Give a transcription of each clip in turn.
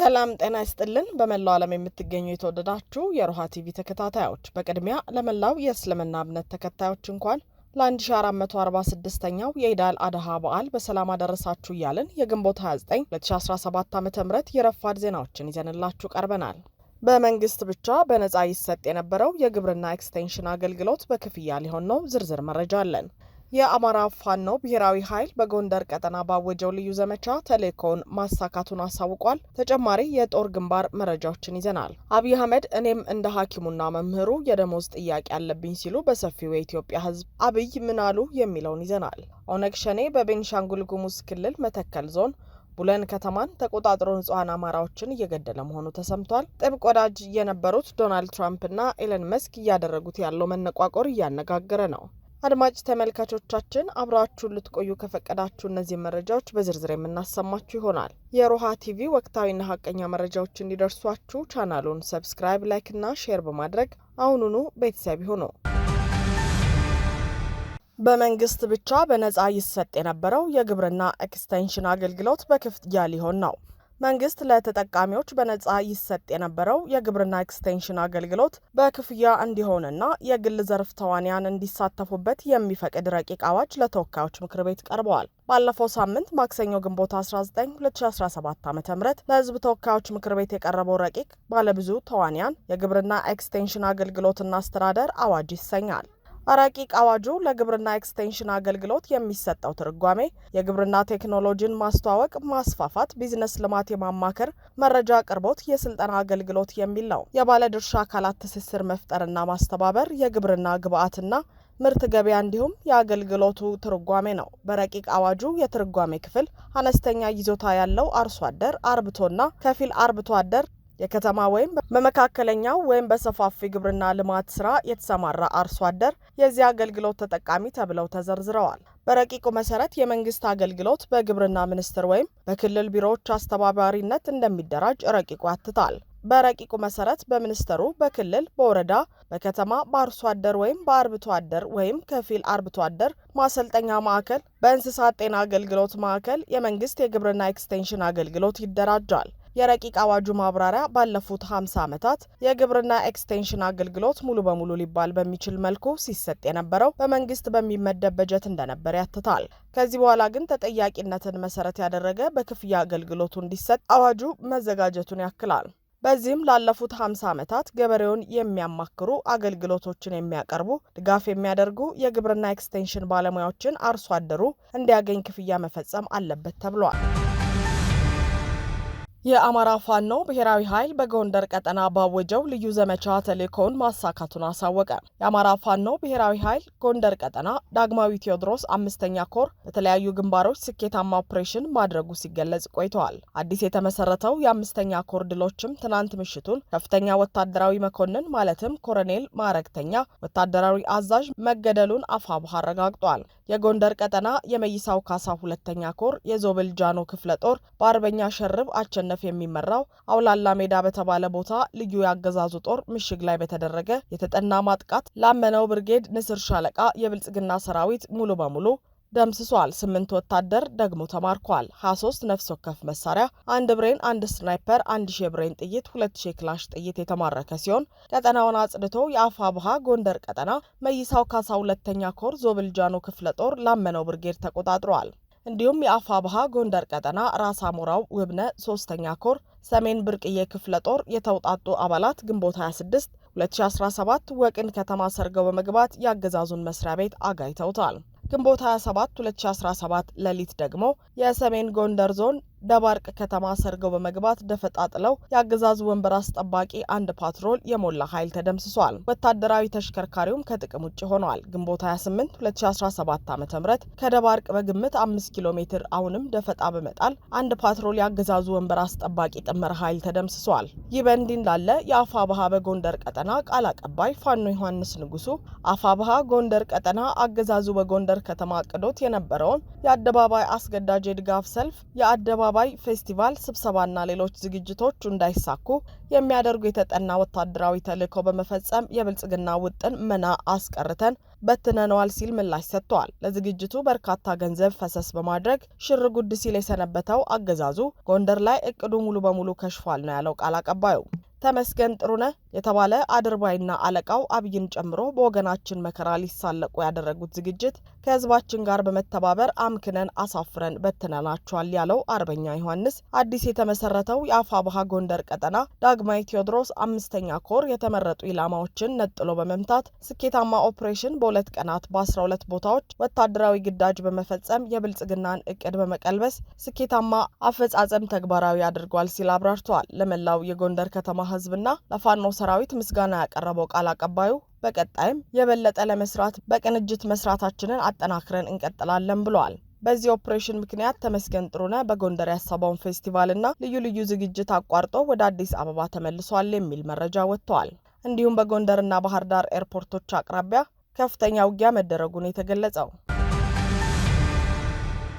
ሰላም ጤና ይስጥልን። በመላው ዓለም የምትገኙ የተወደዳችሁ የሮሃ ቲቪ ተከታታዮች፣ በቅድሚያ ለመላው የእስልምና እምነት ተከታዮች እንኳን ለ1446ኛው የኢዳል አድሃ በዓል በሰላም አደረሳችሁ እያልን የግንቦት 29 2017 ዓ ም የረፋድ ዜናዎችን ይዘንላችሁ ቀርበናል። በመንግስት ብቻ በነፃ ይሰጥ የነበረው የግብርና ኤክስቴንሽን አገልግሎት በክፍያ ሊሆን ነው። ዝርዝር መረጃ አለን። የአማራ ፋኖ ብሔራዊ ኃይል በጎንደር ቀጠና ባወጀው ልዩ ዘመቻ ተልእኮውን ማሳካቱን አሳውቋል። ተጨማሪ የጦር ግንባር መረጃዎችን ይዘናል። አብይ አህመድ እኔም እንደ ሐኪሙና መምህሩ የደሞዝ ጥያቄ አለብኝ ሲሉ በሰፊው የኢትዮጵያ ሕዝብ አብይ ምን አሉ የሚለውን ይዘናል። ኦነግ ሸኔ በቤንሻንጉል ጉሙዝ ክልል መተከል ዞን ቡለን ከተማን ተቆጣጥሮ ንጹሐን አማራዎችን እየገደለ መሆኑ ተሰምቷል። ጥብቅ ወዳጅ የነበሩት ዶናልድ ትራምፕና ኤለን መስክ እያደረጉት ያለው መነቋቆር እያነጋገረ ነው። አድማጭ ተመልካቾቻችን አብራችሁን ልትቆዩ ከፈቀዳችሁ እነዚህ መረጃዎች በዝርዝር የምናሰማችሁ ይሆናል። የሮሃ ቲቪ ወቅታዊና ሀቀኛ መረጃዎች እንዲደርሷችሁ ቻናሉን ሰብስክራይብ፣ ላይክ እና ሼር በማድረግ አሁኑኑ ቤተሰብ ይሁኑ። በመንግስት ብቻ በነፃ ይሰጥ የነበረው የግብርና ኤክስቴንሽን አገልግሎት በክፍያ ሊሆን ነው። መንግስት ለተጠቃሚዎች በነጻ ይሰጥ የነበረው የግብርና ኤክስቴንሽን አገልግሎት በክፍያ እንዲሆንና የግል ዘርፍ ተዋንያን እንዲሳተፉበት የሚፈቅድ ረቂቅ አዋጅ ለተወካዮች ምክር ቤት ቀርበዋል። ባለፈው ሳምንት ማክሰኞ ግንቦት 19 2017 ዓ ም ለህዝብ ተወካዮች ምክር ቤት የቀረበው ረቂቅ ባለብዙ ተዋንያን የግብርና ኤክስቴንሽን አገልግሎትና አስተዳደር አዋጅ ይሰኛል። ረቂቅ አዋጁ ለግብርና ኤክስቴንሽን አገልግሎት የሚሰጠው ትርጓሜ የግብርና ቴክኖሎጂን ማስተዋወቅ፣ ማስፋፋት፣ ቢዝነስ ልማት የማማከር መረጃ አቅርቦት፣ የስልጠና አገልግሎት የሚል ነው። የባለድርሻ አካላት ትስስር መፍጠርና ማስተባበር የግብርና ግብዓትና ምርት ገበያ እንዲሁም የአገልግሎቱ ትርጓሜ ነው። በረቂቅ አዋጁ የትርጓሜ ክፍል አነስተኛ ይዞታ ያለው አርሶ አደር፣ አርብቶና ከፊል አርብቶ አደር የከተማ ወይም በመካከለኛው ወይም በሰፋፊ ግብርና ልማት ስራ የተሰማራ አርሶ አደር የዚህ አገልግሎት ተጠቃሚ ተብለው ተዘርዝረዋል። በረቂቁ መሰረት የመንግስት አገልግሎት በግብርና ሚኒስቴር ወይም በክልል ቢሮዎች አስተባባሪነት እንደሚደራጅ ረቂቁ ያትታል። በረቂቁ መሰረት በሚኒስቴሩ፣ በክልል፣ በወረዳ፣ በከተማ፣ በአርሶ አደር ወይም በአርብቶ አደር ወይም ከፊል አርብቶ አደር ማሰልጠኛ ማዕከል፣ በእንስሳት ጤና አገልግሎት ማዕከል፣ የመንግስት የግብርና ኤክስቴንሽን አገልግሎት ይደራጃል። የረቂቅ አዋጁ ማብራሪያ ባለፉት 50 ዓመታት የግብርና ኤክስቴንሽን አገልግሎት ሙሉ በሙሉ ሊባል በሚችል መልኩ ሲሰጥ የነበረው በመንግስት በሚመደብ በጀት እንደነበር ያትታል። ከዚህ በኋላ ግን ተጠያቂነትን መሰረት ያደረገ በክፍያ አገልግሎቱ እንዲሰጥ አዋጁ መዘጋጀቱን ያክላል። በዚህም ላለፉት 50 ዓመታት ገበሬውን የሚያማክሩ አገልግሎቶችን የሚያቀርቡ ድጋፍ የሚያደርጉ የግብርና ኤክስቴንሽን ባለሙያዎችን አርሶ አደሩ እንዲያገኝ ክፍያ መፈጸም አለበት ተብሏል። የአማራ ፋኖ ብሔራዊ ኃይል በጎንደር ቀጠና ባወጀው ልዩ ዘመቻ ተልእኮውን ማሳካቱን አሳወቀ። የአማራ ፋኖ ብሔራዊ ኃይል ጎንደር ቀጠና ዳግማዊ ቴዎድሮስ አምስተኛ ኮር በተለያዩ ግንባሮች ስኬታማ ኦፕሬሽን ማድረጉ ሲገለጽ ቆይተዋል። አዲስ የተመሰረተው የአምስተኛ ኮር ድሎችም ትናንት ምሽቱን ከፍተኛ ወታደራዊ መኮንን ማለትም ኮረኔል ማዕረግተኛ ወታደራዊ አዛዥ መገደሉን አፋብኃ አረጋግጧል። የጎንደር ቀጠና የመይሳው ካሳ ሁለተኛ ኮር የዞብል ጃኖ ክፍለ ጦር በአርበኛ ሸርብ አቸነፍ የሚመራው አውላላ ሜዳ በተባለ ቦታ ልዩ የአገዛዙ ጦር ምሽግ ላይ በተደረገ የተጠና ማጥቃት ላመነው ብርጌድ ንስር ሻለቃ የብልጽግና ሰራዊት ሙሉ በሙሉ ደምስሷል። ስምንት ወታደር ደግሞ ተማርኳል። 23 ነፍስ ወከፍ መሳሪያ፣ አንድ ብሬን፣ አንድ ስናይፐር፣ አንድ ሺ ብሬን ጥይት፣ ሁለት ሺ ክላሽ ጥይት የተማረከ ሲሆን ቀጠናውን አጽድቶ የአፋ ብሃ ጎንደር ቀጠና መይሳው ካሳ ሁለተኛ ኮር ዞብልጃኖ ክፍለ ጦር ላመነው ብርጌድ ተቆጣጥሯል። እንዲሁም የአፋ ብሃ ጎንደር ቀጠና ራስ አሞራው ውብነ ሶስተኛ ኮር ሰሜን ብርቅዬ ክፍለ ጦር የተውጣጡ አባላት ግንቦት 26 2017 ወቅን ከተማ ሰርገው በመግባት የአገዛዙን መስሪያ ቤት አጋይተውታል። ግንቦት 27 2017 ሌሊት ደግሞ የሰሜን ጎንደር ዞን ደባርቅ ከተማ ሰርገው በመግባት ደፈጣ ጥለው የአገዛዙ ወንበር አስጠባቂ አንድ ፓትሮል የሞላ ኃይል ተደምስሷል። ወታደራዊ ተሽከርካሪውም ከጥቅም ውጭ ሆነዋል። ግንቦት 28 2017 ዓ ም ከደባርቅ በግምት 5 ኪሎ ሜትር አሁንም ደፈጣ በመጣል አንድ ፓትሮል የአገዛዙ ወንበር አስጠባቂ ጥምር ኃይል ተደምስሷል። ይህ በእንዲህ እንዳለ የአፋ ባሀ በጎንደር ቀጠና ቃል አቀባይ ፋኖ ዮሐንስ ንጉሱ አፋ ባሃ ጎንደር ቀጠና አገዛዙ በጎንደር ከተማ ቅዶት የነበረውን የአደባባይ አስገዳጅ የድጋፍ ሰልፍ የአደባ አደባባይ ፌስቲቫል፣ ስብሰባና ሌሎች ዝግጅቶች እንዳይሳኩ የሚያደርጉ የተጠና ወታደራዊ ተልዕኮ በመፈጸም የብልጽግና ውጥን መና አስቀርተን በትነነዋል ሲል ምላሽ ሰጥተዋል። ለዝግጅቱ በርካታ ገንዘብ ፈሰስ በማድረግ ሽር ጉድ ሲል የሰነበተው አገዛዙ ጎንደር ላይ እቅዱ ሙሉ በሙሉ ከሽፏል ነው ያለው ቃል አቀባዩ ተመስገን ጥሩነህ የተባለ አድርባይና አለቃው አብይን ጨምሮ በወገናችን መከራ ሊሳለቁ ያደረጉት ዝግጅት ከህዝባችን ጋር በመተባበር አምክነን አሳፍረን በትነናቸዋል ያለው አርበኛ ዮሐንስ አዲስ የተመሰረተው የአፋ ባሃ ጎንደር ቀጠና ዳግማዊ ቴዎድሮስ አምስተኛ ኮር የተመረጡ ኢላማዎችን ነጥሎ በመምታት ስኬታማ ኦፕሬሽን በሁለት ቀናት በ12 ቦታዎች ወታደራዊ ግዳጅ በመፈጸም የብልጽግናን እቅድ በመቀልበስ ስኬታማ አፈጻጸም ተግባራዊ አድርጓል ሲል አብራርተዋል። ለመላው የጎንደር ከተማ ህዝብና ለፋኖ ሰራዊት ምስጋና ያቀረበው ቃል አቀባዩ በቀጣይም የበለጠ ለመስራት በቅንጅት መስራታችንን አጠናክረን እንቀጥላለን ብለዋል። በዚህ ኦፕሬሽን ምክንያት ተመስገን ጥሩነ በጎንደር ያሰባውን ፌስቲቫልና ልዩ ልዩ ዝግጅት አቋርጦ ወደ አዲስ አበባ ተመልሷል የሚል መረጃ ወጥተዋል። እንዲሁም በጎንደርና ባህር ዳር ኤርፖርቶች አቅራቢያ ከፍተኛ ውጊያ መደረጉን የተገለጸው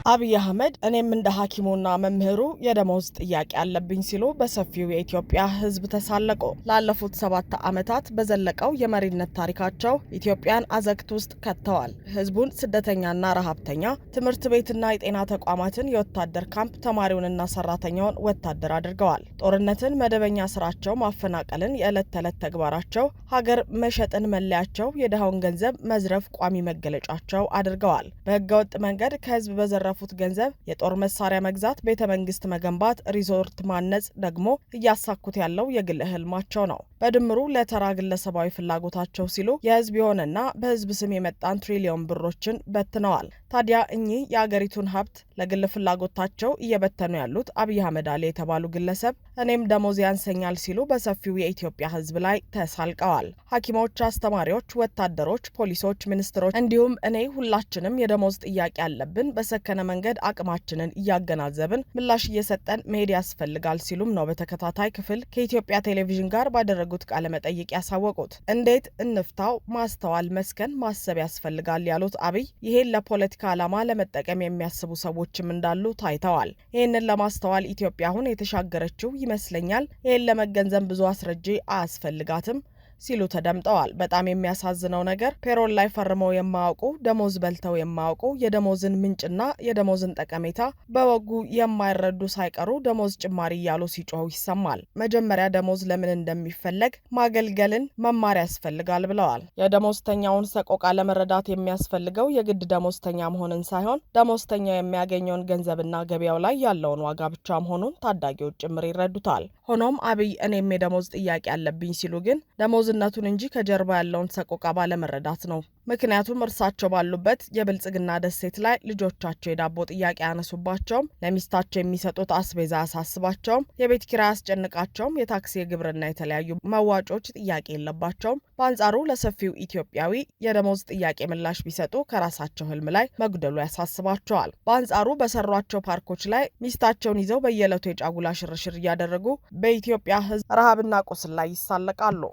አብይ አህመድ እኔም እንደ ሐኪሙና መምህሩ የደሞዝ ጥያቄ አለብኝ ሲሉ በሰፊው የኢትዮጵያ ሕዝብ ተሳለቁ። ላለፉት ሰባት ዓመታት በዘለቀው የመሪነት ታሪካቸው ኢትዮጵያን አዘግት ውስጥ ከተዋል። ሕዝቡን ስደተኛና ረሃብተኛ፣ ትምህርት ቤትና የጤና ተቋማትን የወታደር ካምፕ፣ ተማሪውንና ሰራተኛውን ወታደር አድርገዋል። ጦርነትን መደበኛ ስራቸው፣ ማፈናቀልን የዕለት ተዕለት ተግባራቸው፣ ሀገር መሸጥን መለያቸው፣ የድሃውን ገንዘብ መዝረፍ ቋሚ መገለጫቸው አድርገዋል። በህገወጥ መንገድ ከህዝብ በዘረ ባተረፉት ገንዘብ የጦር መሳሪያ መግዛት፣ ቤተ መንግስት መገንባት፣ ሪዞርት ማነጽ ደግሞ እያሳኩት ያለው የግል ህልማቸው ነው። በድምሩ ለተራ ግለሰባዊ ፍላጎታቸው ሲሉ የህዝብ የሆነና በህዝብ ስም የመጣን ትሪሊዮን ብሮችን በትነዋል። ታዲያ እኚህ የአገሪቱን ሀብት ለግል ፍላጎታቸው እየበተኑ ያሉት አብይ አህመድ አሊ የተባሉ ግለሰብ እኔም ደሞዝ ያንሰኛል ሲሉ በሰፊው የኢትዮጵያ ህዝብ ላይ ተሳልቀዋል። ሐኪሞች፣ አስተማሪዎች፣ ወታደሮች፣ ፖሊሶች፣ ሚኒስትሮች እንዲሁም እኔ ሁላችንም የደሞዝ ጥያቄ አለብን በሰከነ መንገድ አቅማችንን እያገናዘብን ምላሽ እየሰጠን መሄድ ያስፈልጋል ሲሉም ነው በተከታታይ ክፍል ከኢትዮጵያ ቴሌቪዥን ጋር ባደረጉት ቃለ መጠይቅ ያሳወቁት። እንዴት እንፍታው፣ ማስተዋል፣ መስከን፣ ማሰብ ያስፈልጋል ያሉት አብይ ይሄን ለፖለቲካ ዓላማ ለመጠቀም የሚያስቡ ሰዎችም እንዳሉ ታይተዋል። ይህንን ለማስተዋል ኢትዮጵያ አሁን የተሻገረችው ይመስለኛል። ይህን ለመገንዘብ ብዙ አስረጂ አያስፈልጋትም። ሲሉ ተደምጠዋል። በጣም የሚያሳዝነው ነገር ፔሮል ላይ ፈርመው የማያውቁ ደሞዝ በልተው የማያውቁ የደሞዝን ምንጭና የደሞዝን ጠቀሜታ በወጉ የማይረዱ ሳይቀሩ ደሞዝ ጭማሪ እያሉ ሲጮሁ ይሰማል። መጀመሪያ ደሞዝ ለምን እንደሚፈለግ ማገልገልን መማር ያስፈልጋል ብለዋል። የደሞዝተኛውን ሰቆቃ ለመረዳት የሚያስፈልገው የግድ ደሞዝተኛ መሆንን ሳይሆን ደሞዝተኛው የሚያገኘውን ገንዘብና ገበያው ላይ ያለውን ዋጋ ብቻ መሆኑን ታዳጊዎች ጭምር ይረዱታል። ሆኖም አብይ እኔም የደሞዝ ጥያቄ አለብኝ ሲሉ ግን ደሞዝ ግብዝነቱን እንጂ ከጀርባ ያለውን ሰቆቃ ባለመረዳት ነው። ምክንያቱም እርሳቸው ባሉበት የብልጽግና ደሴት ላይ ልጆቻቸው የዳቦ ጥያቄ ያነሱባቸውም። ለሚስታቸው የሚሰጡት አስቤዛ ያሳስባቸውም፣ የቤት ኪራይ ያስጨንቃቸውም የታክሲ የግብርና፣ የተለያዩ መዋጮች ጥያቄ የለባቸውም። በአንጻሩ ለሰፊው ኢትዮጵያዊ የደሞዝ ጥያቄ ምላሽ ቢሰጡ ከራሳቸው ህልም ላይ መጉደሉ ያሳስባቸዋል። በአንጻሩ በሰሯቸው ፓርኮች ላይ ሚስታቸውን ይዘው በየዕለቱ የጫጉላ ሽርሽር እያደረጉ በኢትዮጵያ ህዝብ ረሃብና ቁስል ላይ ይሳለቃሉ።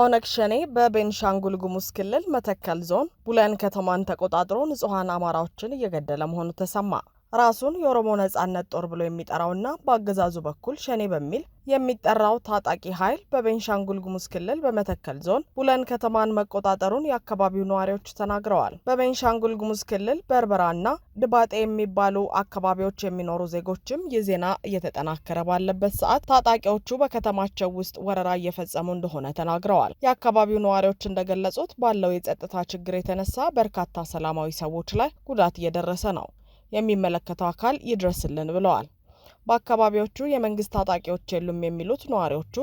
ኦነግ ሸኔ በቤንሻንጉል ጉሙዝ ክልል መተከል ዞን ቡለን ከተማን ተቆጣጥሮ ንጹሐን አማራዎችን እየገደለ መሆኑ ተሰማ። ራሱን የኦሮሞ ነጻነት ጦር ብሎ የሚጠራውና በአገዛዙ በኩል ሸኔ በሚል የሚጠራው ታጣቂ ኃይል በቤንሻንጉል ጉሙዝ ክልል በመተከል ዞን ቡለን ከተማን መቆጣጠሩን የአካባቢው ነዋሪዎች ተናግረዋል። በቤንሻንጉል ጉሙዝ ክልል በርበራና ድባጤ የሚባሉ አካባቢዎች የሚኖሩ ዜጎችም ይህ ዜና እየተጠናከረ ባለበት ሰዓት ታጣቂዎቹ በከተማቸው ውስጥ ወረራ እየፈጸሙ እንደሆነ ተናግረዋል። የአካባቢው ነዋሪዎች እንደገለጹት ባለው የጸጥታ ችግር የተነሳ በርካታ ሰላማዊ ሰዎች ላይ ጉዳት እየደረሰ ነው። የሚመለከተው አካል ይድረስልን ብለዋል። በአካባቢዎቹ የመንግስት ታጣቂዎች የሉም የሚሉት ነዋሪዎቹ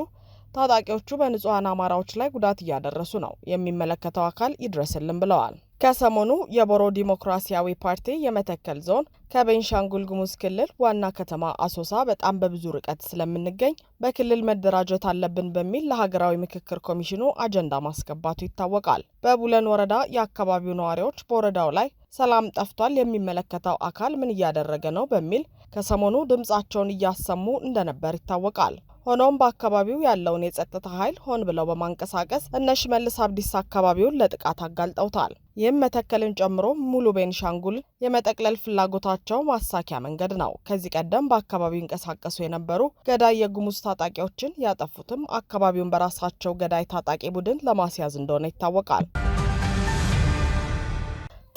ታጣቂዎቹ በንጹሐን አማራዎች ላይ ጉዳት እያደረሱ ነው፣ የሚመለከተው አካል ይድረስልን ብለዋል። ከሰሞኑ የቦሮ ዲሞክራሲያዊ ፓርቲ የመተከል ዞን ከቤንሻንጉል ጉሙዝ ክልል ዋና ከተማ አሶሳ በጣም በብዙ ርቀት ስለምንገኝ በክልል መደራጀት አለብን በሚል ለሀገራዊ ምክክር ኮሚሽኑ አጀንዳ ማስገባቱ ይታወቃል። በቡለን ወረዳ የአካባቢው ነዋሪዎች በወረዳው ላይ ሰላም ጠፍቷል፣ የሚመለከተው አካል ምን እያደረገ ነው በሚል ከሰሞኑ ድምፃቸውን እያሰሙ እንደነበር ይታወቃል። ሆኖም በአካባቢው ያለውን የጸጥታ ኃይል ሆን ብለው በማንቀሳቀስ እነ ሽመልስ አብዲስ አካባቢውን ለጥቃት አጋልጠውታል። ይህም መተከልን ጨምሮ ሙሉ ቤንሻንጉል የመጠቅለል ፍላጎታቸው ማሳኪያ መንገድ ነው። ከዚህ ቀደም በአካባቢው ይንቀሳቀሱ የነበሩ ገዳይ የጉሙዝ ታጣቂዎችን ያጠፉትም አካባቢውን በራሳቸው ገዳይ ታጣቂ ቡድን ለማስያዝ እንደሆነ ይታወቃል።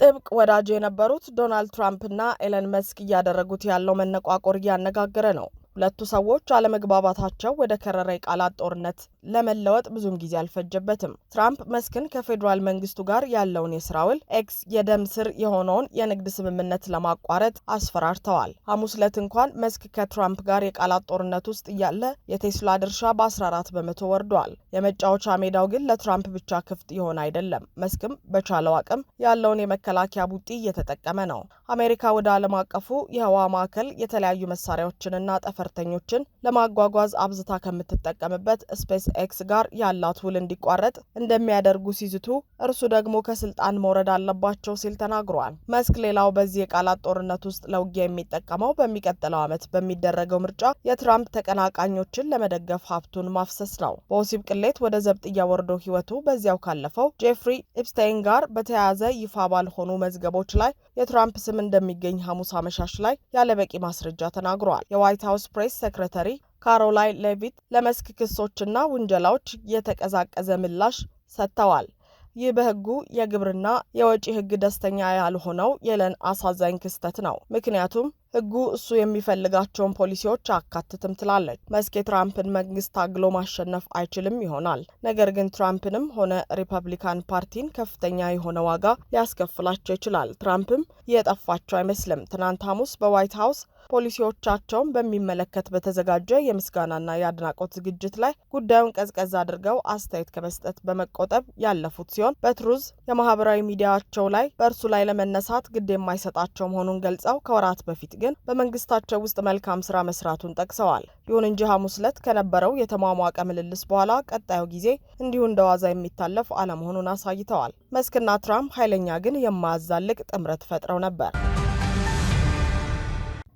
ጥብቅ ወዳጅ የነበሩት ዶናልድ ትራምፕ እና ኤለን መስክ እያደረጉት ያለው መነቋቆር እያነጋገረ ነው። ሁለቱ ሰዎች አለመግባባታቸው ወደ ከረረ የቃላት ጦርነት ለመለወጥ ብዙም ጊዜ አልፈጀበትም። ትራምፕ መስክን ከፌዴራል መንግስቱ ጋር ያለውን የስራ ውል ኤክስ የደም ስር የሆነውን የንግድ ስምምነት ለማቋረጥ አስፈራርተዋል። ሐሙስ ዕለት እንኳን መስክ ከትራምፕ ጋር የቃላት ጦርነት ውስጥ እያለ የቴስላ ድርሻ በ14 በመቶ ወርዷል። የመጫወቻ ሜዳው ግን ለትራምፕ ብቻ ክፍት የሆነ አይደለም። መስክም በቻለው አቅም ያለውን የመከላከያ ቡጢ እየተጠቀመ ነው። አሜሪካ ወደ ዓለም አቀፉ የህዋ ማዕከል የተለያዩ መሳሪያዎችንና ጠፈርተኞችን ለማጓጓዝ አብዝታ ከምትጠቀምበት ስፔስ ኤክስ ጋር ያላት ውል እንዲቋረጥ እንደሚያደርጉ ሲዝቱ እርሱ ደግሞ ከስልጣን መውረድ አለባቸው ሲል ተናግሯል። መስክ ሌላው በዚህ የቃላት ጦርነት ውስጥ ለውጊያ የሚጠቀመው በሚቀጥለው ዓመት በሚደረገው ምርጫ የትራምፕ ተቀናቃኞችን ለመደገፍ ሀብቱን ማፍሰስ ነው። በወሲብ ቅሌት ወደ ዘብጥያ ወርዶ ህይወቱ በዚያው ካለፈው ጄፍሪ ኢፕስታይን ጋር በተያያዘ ይፋ ባልሆኑ መዝገቦች ላይ የትራምፕ ስም እንደሚገኝ ሐሙስ አመሻሽ ላይ ያለበቂ ማስረጃ ተናግረዋል። የዋይት ሀውስ ፕሬስ ሴክሬተሪ ካሮላይን ሌቪት ለመስክ ክሶችና ውንጀላዎች የተቀዛቀዘ ምላሽ ሰጥተዋል። ይህ በህጉ የግብርና የወጪ ህግ ደስተኛ ያልሆነው የለን አሳዛኝ ክስተት ነው። ምክንያቱም ህጉ እሱ የሚፈልጋቸውን ፖሊሲዎች አካትትም ትላለች። መስክ የትራምፕን መንግስት አግሎ ማሸነፍ አይችልም ይሆናል፣ ነገር ግን ትራምፕንም ሆነ ሪፐብሊካን ፓርቲን ከፍተኛ የሆነ ዋጋ ሊያስከፍላቸው ይችላል። ትራምፕም የጠፋቸው አይመስልም። ትናንት ሐሙስ በዋይት ሀውስ ፖሊሲዎቻቸውን በሚመለከት በተዘጋጀ የምስጋናና የአድናቆት ዝግጅት ላይ ጉዳዩን ቀዝቀዝ አድርገው አስተያየት ከመስጠት በመቆጠብ ያለፉት ሲሆን በትሩዝ የማህበራዊ ሚዲያቸው ላይ በእርሱ ላይ ለመነሳት ግድ የማይሰጣቸው መሆኑን ገልጸው ከወራት በፊት ግን በመንግስታቸው ውስጥ መልካም ስራ መስራቱን ጠቅሰዋል። ይሁን እንጂ ሐሙስ ዕለት ከነበረው የተሟሟቀ ምልልስ በኋላ ቀጣዩ ጊዜ እንዲሁ እንደ ዋዛ የሚታለፍ አለመሆኑን አሳይተዋል። መስክና ትራምፕ ኃይለኛ ግን የማያዛልቅ ጥምረት ፈጥረው ነበር።